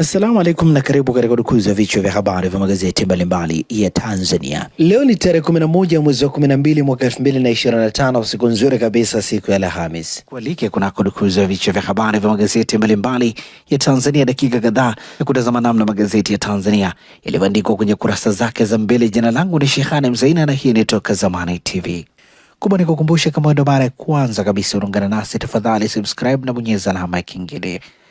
Assalamu alaikum na karibu katika udukuzi wa vichwa vya habari vya magazeti mbalimbali ya Tanzania. Leo ni tarehe 11 mwezi wa 12 mwaka 2025, siku nzuri kabisa, siku ya Alhamis. Kualike kunako dukuzi wa vichwa vya habari vya magazeti mbalimbali ya Tanzania, dakika kadhaa ya kutazama namna magazeti ya Tanzania yalivyoandikwa kwenye kurasa zake za mbele. Jina langu ni Shehani Mzaina na hii ni Toka Zamani TV. Kubwa ni kukumbusha, kama ndo mara ya kwanza kabisa unaungana nasi, tafadhali subscribe na bonyeza alama ya kengele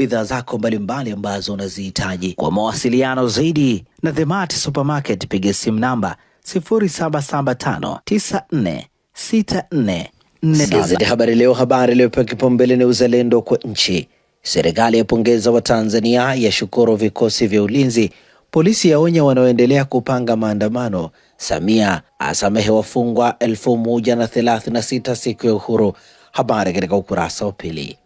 bidhaa zako mbalimbali ambazo unazihitaji. Kwa mawasiliano zaidi na The Mart Supermarket, piga simu namba 0775946447. Gazeti Habari Leo, habari iliyopewa kipaumbele ni uzalendo kwa nchi. Serikali yapongeza Watanzania, yashukuru vikosi vya ulinzi. Polisi yaonya wanaoendelea kupanga maandamano. Samia asamehe wafungwa 136 siku ya uhuru. Habari katika ukurasa wa pili.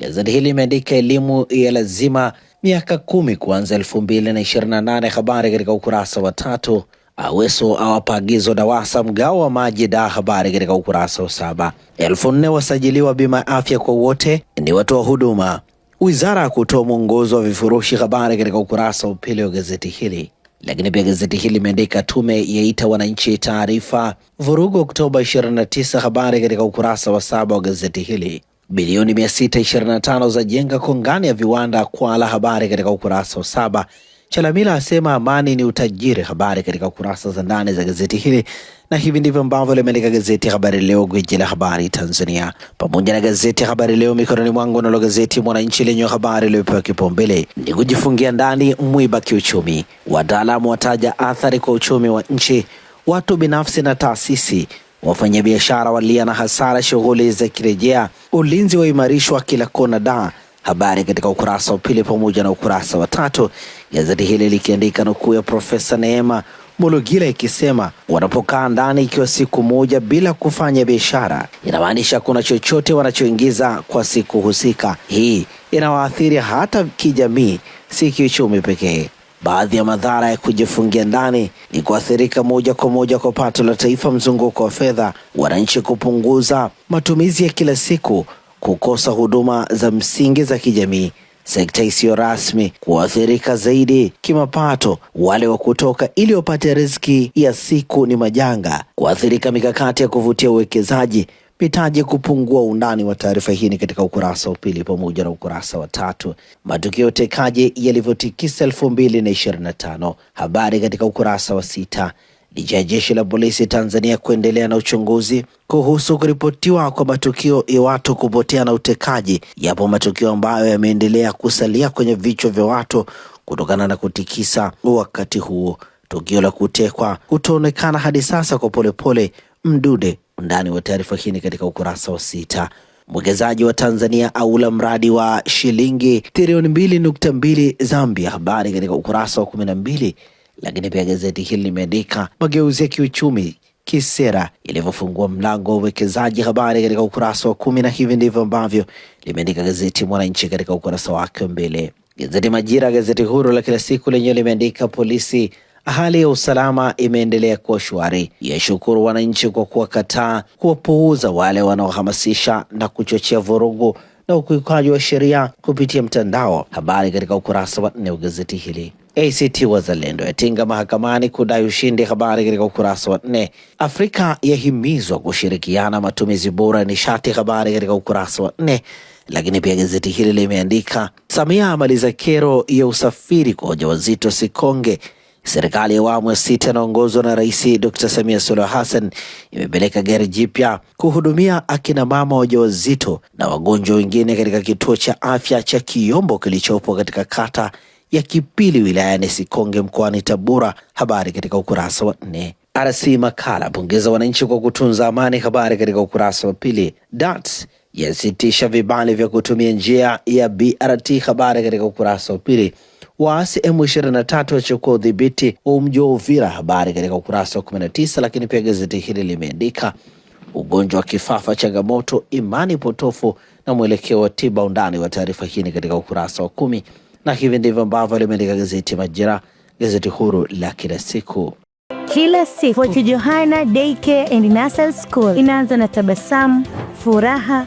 Gazeti hili limeandika elimu ya lazima miaka kumi kuanza elfu mbili na ishirini na nane. Habari katika ukurasa wa tatu. Aweso awapa agizo DAWASA mgao wa maji da. Habari katika ukurasa wa saba. elfu nne wasajiliwa bima ya afya kwa wote ni watoa huduma. Wizara ya kutoa mwongozo wa vifurushi. Habari katika ukurasa wa pili wa gazeti hili. Lakini pia gazeti hili limeandika tume yaita wananchi taarifa vurugu Oktoba 29. Habari katika ukurasa wa saba wa gazeti hili. Bilioni 625 za jenga kongani ya viwanda Kwala. Habari katika ukurasa wa saba. Chalamila asema amani ni utajiri. Habari katika kurasa za ndani za gazeti hili, na hivi ndivyo ambavyo limeandika gazeti Habari Leo, gwiji la habari Tanzania, pamoja na gazeti Habari Leo mikononi mwangu. Nalo gazeti Mwananchi lenye habari iliyopewa kipaumbele ni kujifungia ndani mwiba kiuchumi, wataalamu wataja athari kwa uchumi wa nchi, watu binafsi na taasisi wafanyabiashara walia na hasara, shughuli za kirejea, ulinzi waimarishwa kila kona da habari katika ukurasa wa pili pamoja na ukurasa wa tatu, gazeti hili likiandika nukuu ya Profesa Neema mulugila ikisema wanapokaa ndani ikiwa siku moja bila kufanya biashara inamaanisha kuna chochote wanachoingiza kwa siku husika. Hii inawaathiri hata kijamii, si kiuchumi pekee. Baadhi ya madhara ya kujifungia ndani ni kuathirika moja kwa moja kwa pato la taifa, mzunguko wa fedha, wananchi kupunguza matumizi ya kila siku, kukosa huduma za msingi za kijamii, sekta isiyo rasmi kuathirika zaidi kimapato, wale wa kutoka ili wapate riziki ya siku ni majanga, kuathirika mikakati ya kuvutia uwekezaji Pitaje kupungua. Undani wa taarifa hii ni katika ukurasa wa pili pamoja na ukurasa wa tatu. Matukio tekaje yalivyotikisa elfu mbili na ishirini na tano, habari katika ukurasa wa sita. Licha ya jeshi la polisi Tanzania kuendelea na uchunguzi kuhusu kuripotiwa kwa matukio ya watu kupotea na utekaji, yapo matukio ambayo yameendelea kusalia kwenye vichwa vya watu kutokana na kutikisa wakati huo. Tukio la kutekwa, kutoonekana hadi sasa kwa Polepole Mdude. Undani wa taarifa hii ni katika ukurasa wa sita. Mwekezaji wa Tanzania aula mradi wa shilingi trilioni mbili nukta mbili Zambia, habari katika ukurasa wa kumi na mbili. Lakini pia gazeti hili limeandika mageuzi ya kiuchumi kisera ilivyofungua mlango wa uwekezaji, habari katika ukurasa wa kumi, na hivi ndivyo ambavyo limeandika gazeti Mwananchi katika ukurasa wake mbele. Gazeti Majira, gazeti huru la kila siku, lenyewe limeandika polisi hali ya usalama imeendelea kuwa shwari. Yashukuru wananchi kwa kuwakataa kuwapuuza wale wanaohamasisha na kuchochea vurugu na ukiukaji wa sheria kupitia mtandao. Habari katika ukurasa wa nne wa gazeti hili. ACT Wazalendo yatinga mahakamani kudai ushindi. Habari katika ukurasa wa nne. Afrika yahimizwa kushirikiana matumizi bora ya nishati. Habari katika ukurasa wa nne. Lakini pia gazeti hili limeandika Samia amaliza kero ya usafiri kwa wajawazito Sikonge. Serikali ya awamu ya sita inaongozwa na Rais Dr. Samia Suluhu Hassan imepeleka gari jipya kuhudumia akina mama wajawazito na wagonjwa wengine katika kituo cha afya cha Kiyombo kilichopo katika kata ya Kipili wilayani Sikonge mkoani Tabora. Habari katika ukurasa wa nne. RC Makala pongeza wananchi kwa kutunza amani. Habari katika ukurasa wa pili. DART yasitisha vibali vya kutumia njia ya BRT. Habari katika ukurasa wa pili waasi M23 wachukua udhibiti wa mji wa Uvira, habari katika ukurasa wa 19. Lakini pia gazeti hili limeandika ugonjwa wa kifafa, changamoto, imani potofu na mwelekeo wa tiba. Undani wa taarifa hii katika ukurasa wa kumi, na hivi ndivyo ambavyo limeandika gazeti Majira, gazeti huru la kila siku kila siku. Fort Johanna Daycare and Nursery School inaanza na tabasamu, furaha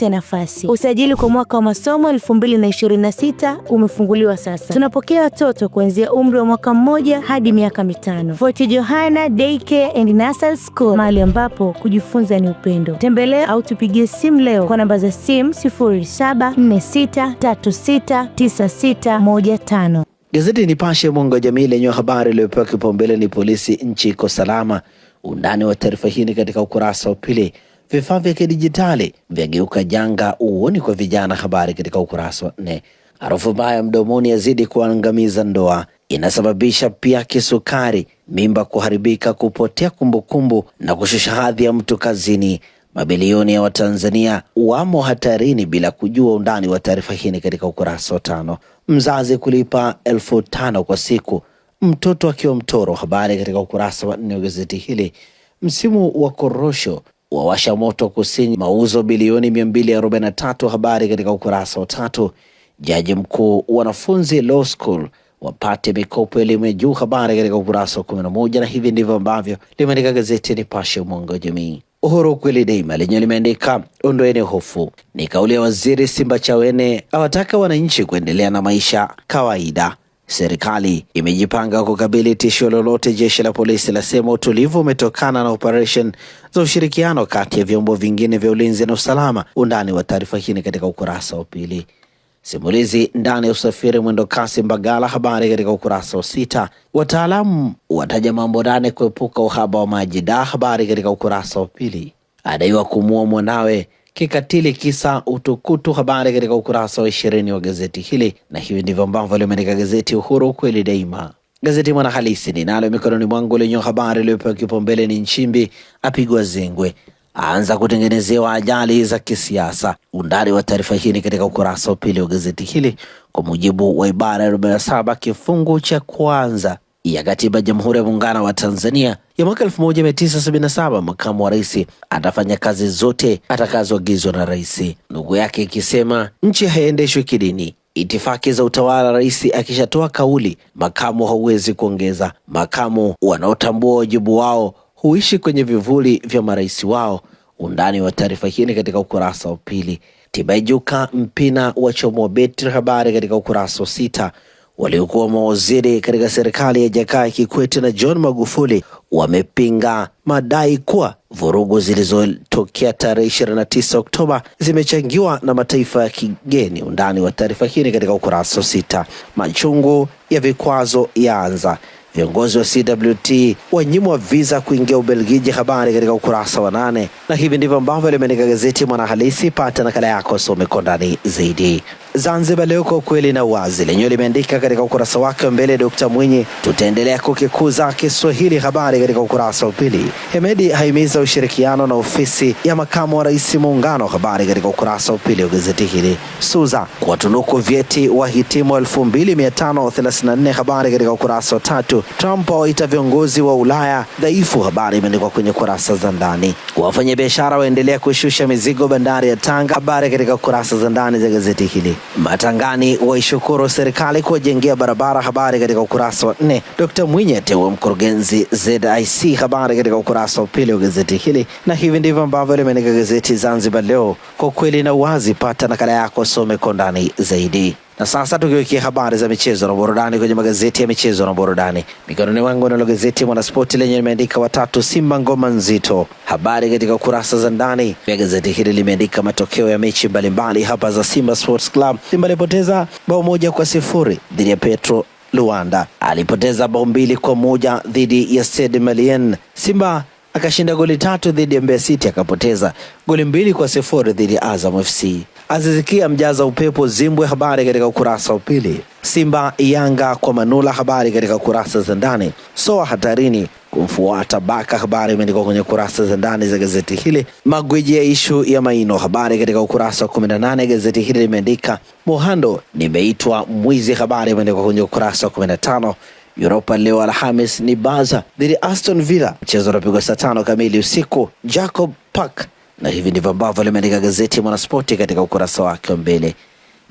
nafasi ya nafasi. Usajili kwa mwaka wa masomo 2026 umefunguliwa sasa. Tunapokea watoto kuanzia umri wa mwaka mmoja hadi miaka mitano. Fort Johanna Daycare and Nursery School, mahali ambapo kujifunza ni upendo. Tembelea au tupigie simu leo kwa namba za simu 0746369615. Gazeti Nipashe mwanga wa jamii lenye habari iliyopewa kipaumbele ni polisi nchi iko salama. Undani wa taarifa hii ni katika ukurasa wa pili. Vifaa vya kidijitali vyageuka janga uoni kwa vijana, habari katika ukurasa wa nne. Harufu mbaya mdomoni yazidi kuangamiza ndoa, inasababisha pia kisukari, mimba kuharibika, kupotea kumbukumbu na kushusha hadhi ya mtu kazini. Mabilioni ya Watanzania wamo hatarini bila kujua. Undani wa taarifa hii ni katika ukurasa wa tano. Mzazi kulipa elfu tano kwa siku mtoto akiwa mtoro, habari katika ukurasa wa nne wa gazeti hili. Msimu wa korosho wawasha moto kusini, mauzo bilioni 243. Habari katika ukurasa wa tatu. Jaji mkuu wanafunzi law school wapate mikopo elimu ya juu. Habari katika ukurasa wa 11, na hivi ndivyo ambavyo limeandika gazeti Nipashe, mwanga wa jamii. Uhuru kweli daima lenye limeandika ondoeni hofu, ni kauli ya waziri simba chawene awataka wananchi kuendelea na maisha kawaida serikali imejipanga kukabili tishio lolote, jeshi la polisi lasema utulivu umetokana na operation za ushirikiano kati ya vyombo vingine vya ulinzi na usalama. Undani wa taarifa hii ni katika ukurasa wa pili. Simulizi ndani ya usafiri mwendo kasi Mbagala, habari katika ukurasa wa sita. Wataalamu wataja mambo nane kuepuka uhaba wa maji da, habari katika ukurasa wa pili. Adaiwa kumua mwanawe kikatili kisa utukutu. Habari katika ukurasa wa ishirini wa gazeti hili, na hivi ndivyo ambavyo limeandika gazeti Uhuru, ukweli daima. Gazeti Mwanahalisi ninalo mikononi mwangu lenye habari iliyopewa kipaumbele ni Nchimbi apigwa zengwe, aanza kutengenezewa ajali za kisiasa. Undani wa taarifa hii ni katika ukurasa wa pili wa gazeti hili, kwa mujibu wa ibara ya 47 kifungu cha kwanza ya katiba ya Jamhuri ya Muungano wa Tanzania ya mwaka 1977, makamu wa rais atafanya kazi zote atakazoagizwa na rais, ndugu yake ikisema nchi haiendeshwi kidini. Itifaki za utawala, rais akishatoa kauli, makamu hauwezi kuongeza. Makamu wanaotambua wajibu wao huishi kwenye vivuli vya marais wao. Undani wa taarifa hii ni katika ukurasa wa pili. Tibaijuka Mpina wa Chomo Betri, habari katika ukurasa wa sita waliokuwa mawaziri katika serikali ya Jakaya Kikwete na John Magufuli wamepinga madai kuwa vurugu zilizotokea tarehe 29 Oktoba zimechangiwa na mataifa ya kigeni. Undani wa taarifa hii ni katika ukurasa wa sita. Machungu ya vikwazo yaanza viongozi wa CWT wanyimwa viza kuingia Ubelgiji. Habari katika ukurasa wa nane, na hivi ndivyo ambavyo limeandika gazeti Mwanahalisi. Pata nakala yako, some ndani zaidi. Zanzibar Leo kwa ukweli na uwazi lenyewe limeandika katika ukurasa wake wa mbele, Dkt Mwinyi, tutaendelea kukikuza Kiswahili. Habari katika ukurasa wa pili. Hemedi haimiza ushirikiano na ofisi ya makamu wa rais muungano. Habari katika ukurasa wa pili wa gazeti hili. Suza kuwatunuku vyeti wahitimu 2534. Habari katika ukurasa wa tatu. Trump awaita viongozi wa Ulaya dhaifu. Habari imeandikwa kwenye kurasa za ndani. Wafanyabiashara waendelea kushusha mizigo bandari ya Tanga. Habari katika kurasa za ndani za gazeti hili. Matangani waishukuru serikali kuwajengea barabara, habari katika ukurasa wa nne. Dkt Mwinyi ateua mkurugenzi ZIC, habari katika ukurasa wa pili wa gazeti hili, na hivi ndivyo ambavyo limeandika gazeti Zanzibar Leo, kwa kweli na uwazi. Pata nakala yako, some kwa ndani zaidi. Na sasa tukiwekia habari za michezo na burudani kwenye magazeti ya michezo na burudani, mikononi wangu nalo gazeti Mwanaspoti lenye limeandika watatu Simba ngoma nzito. Habari katika kurasa za ndani ya gazeti hili limeandika matokeo ya mechi mbalimbali hapa za Simba Sports Club. Simba alipoteza bao moja kwa sifuri dhidi ya Petro Luanda, alipoteza bao mbili kwa moja dhidi ya Stade Malien. Simba akashinda goli tatu dhidi ya Mbeya City, akapoteza goli mbili kwa sifuri dhidi ya Azam FC. Azizikia mjaza upepo zimbwe. Habari katika ukurasa wa pili. Simba Yanga kwa Manula, habari katika kurasa za ndani. Soa hatarini kumfuata Baka, habari imeandikwa kwenye kurasa za ndani za gazeti hili. Magwiji ya ishu ya Maino, habari katika ukurasa wa 18. Gazeti hili limeandika Mohando nimeitwa mwizi, habari imeandikwa kwenye ukurasa wa 15. Europa leo Alhamis ni Baza dhidi Aston Villa, mchezo unapigwa saa tano kamili usiku Jacob Park na hivi ndivyo ambavyo limeandika gazeti ya Mwanaspoti katika ukurasa wake wa mbele.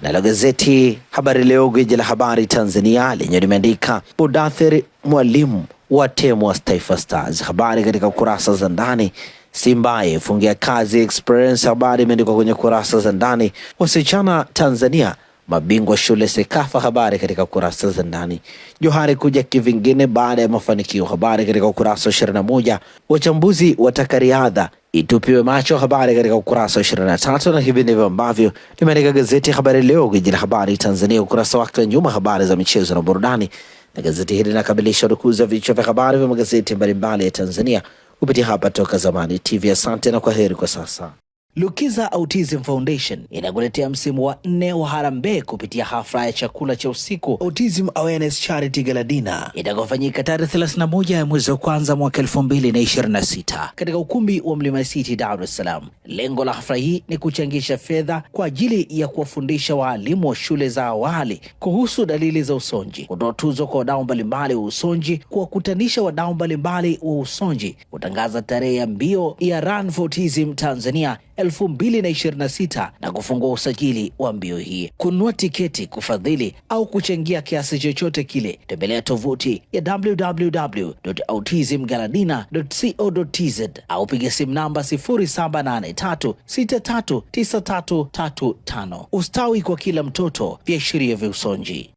Nalo gazeti Habari Leo, gwiji la habari Tanzania, lenye limeandika Mudathir Mwalimu wa watemwa Taifa Stars, habari katika kurasa za ndani. Simba fungia kazi Experience, habari imeandikwa kwenye kurasa za ndani. Wasichana Tanzania mabingwa shule Sekafa. Habari katika kurasa za ndani. Johari kuja kivingine baada ya mafanikio. Habari katika ukurasa wa ishirini na moja. Wachambuzi wataka riadha itupiwe macho. Habari katika ukurasa wa ishirini na tatu, na hivi ndivyo ambavyo limeandika gazeti ya Habari Leo, gwiji la habari Tanzania, ukurasa wake wa nyuma, habari za michezo na burudani. Na gazeti hili linakamilisha udukuzi vichwa vya habari vya magazeti mbalimbali ya Tanzania kupitia hapa Toka Zamani TV. Asante na kwaheri kwa sasa. Lukiza Autism Foundation inakuletea msimu wa nne wa harambee kupitia hafla ya chakula cha usiku Autism Awareness Charity galadina itakayofanyika tarehe 31 ya mwezi wa kwanza mwaka 2026 katika ukumbi wa Mlima City, Dar es Salaam. Lengo la hafla hii ni kuchangisha fedha kwa ajili ya kuwafundisha waalimu wa shule za awali kuhusu dalili za usonji, kutoa tuzo kwa wadau mbalimbali wa usonji, kuwakutanisha wadau mbalimbali wa usonji, kutangaza tarehe ya mbio ya Run for Autism Tanzania 2026 na kufungua usajili wa mbio hii. Kununua tiketi, kufadhili au kuchangia kiasi chochote kile, tembelea tovuti ya www.autismgaladina.co.tz au piga simu namba 0783639335. Ustawi kwa kila mtoto, viashiria vya usonji.